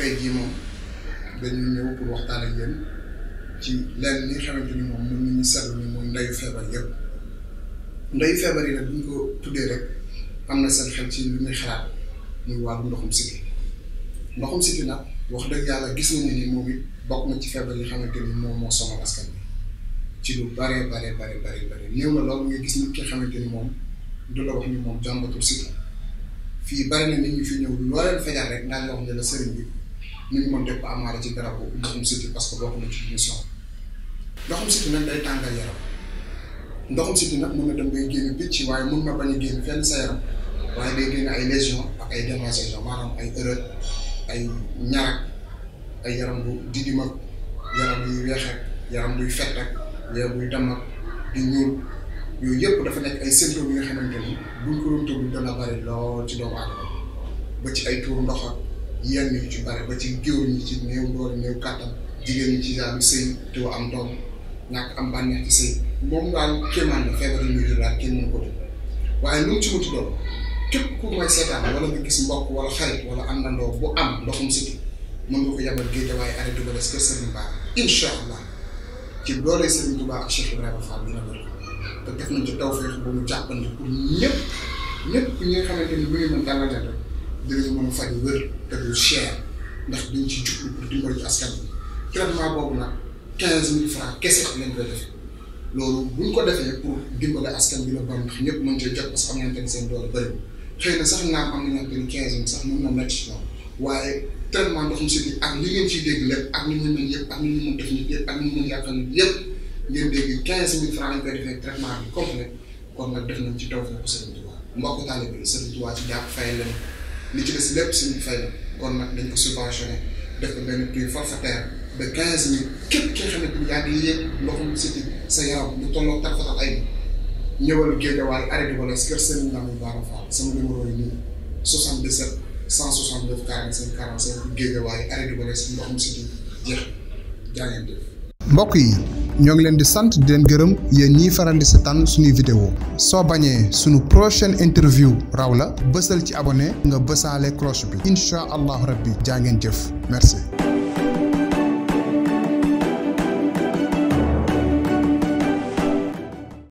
tey jii moom dañu ñëw pour waxtaan ak yéen ci lenn li nga xamante ni moom mën nañu seetlu ni mooy ndeyu feebar yëpp ndeyu feebar yi nag bu ñu ko tuddee rek am na seen xel ci li muy xalaat muy wàllu ndoxum siti ndoxum siti nag wax dëgg yàlla gis nañu ni moom it bokk na ci feebar yi xamante ni moom moo sonal askan bi ci lu bare bare bare bare bare néew na loolu nga gis nit ki xamante ni moom du la wax ni moom jàmbatul siti fii bari na nit ñu fi ñëw loo leen fajar rek naan la wax ne la sëriñ bi nañu mën def ko amaale ci darapo ndoxum siti parce que bokk na ci mission ndoxum siti nag day tàngal yaram ndoxum siti nag mën na dem bay génn picc waaye mun na bañ a génn fenn sa yaram waaye day génn ay lésions ay démangeaisons maanaam ay erreur ay ay yaram bu didim buy weex yaram buy fett ak yaram buy damm ak ñuul yooyu yëpp dafa nekk ay symptômes yi xamante ni buñ ko doon tëbul dana bari lool ci doomu aadama ba ay tuur ndox yenn yu ci bare ba ci góor ñi ci néew doole néew kàttan jigéen ñi ci daanu sëy te am doom ñàkk am bànneex ci sëy moom daal kéemaan la feebar yi muy daal kenn mënu ko def waaye lu mu ci wuti doon képp ku may seetaan wala nga gis mbokk wala xarit wala am nandoo bu am ndoxum siti mën nga ko yabal géej waaye arrêt du bële kër Serigne Ba incha allah ci doole Serigne tuba ak Cheikh Ibrahima Fall dina bëri te def nañ ci tawfeex bu mu jàppandi pour ñëpp ñëpp ñi nga xamante ni bu ñu mën dalal rek dinañu mën a faj wér te du cher ndax duñ ci jublu pour dimbali askan bi traitement boobu nag quinze mille francs kese lañ koy defee loolu ko defee pour dimbale la ban ndax ñëpp mën cee nañ na sax naam am nañu tamit quinze mille sax mën ci ñoom waaye traitement ndox mu si ak li bi complet kon nag def nañ ci taw foofu Serigne Touba mbokk fay leen li ci des lépp suñu fay la kon nag dañ ko subventionné def ko benn prix forfaitaire de quinze mille képp ki nga xamante ni yaa ngi yéeg ndoxum siti sa yaram bu tolloo tarfatal ay ñëwal Guédiawaye arrêté wala kër Serigne Lamine Bara Fall sama numéro yi nii 77 169 45 45 Guédiawaye arrêté wala ndoxum siti jeex jaa ngeen def mbokk yi ñoo ngi leen di sant di leen gërëm yéen ñiy faral di seetaan suñuy vidéo soo bañee suñu prochaine interview raw la bësal ci abone nga bësaale cloche bi incha allahu rabbi jaa ngeen jëf merci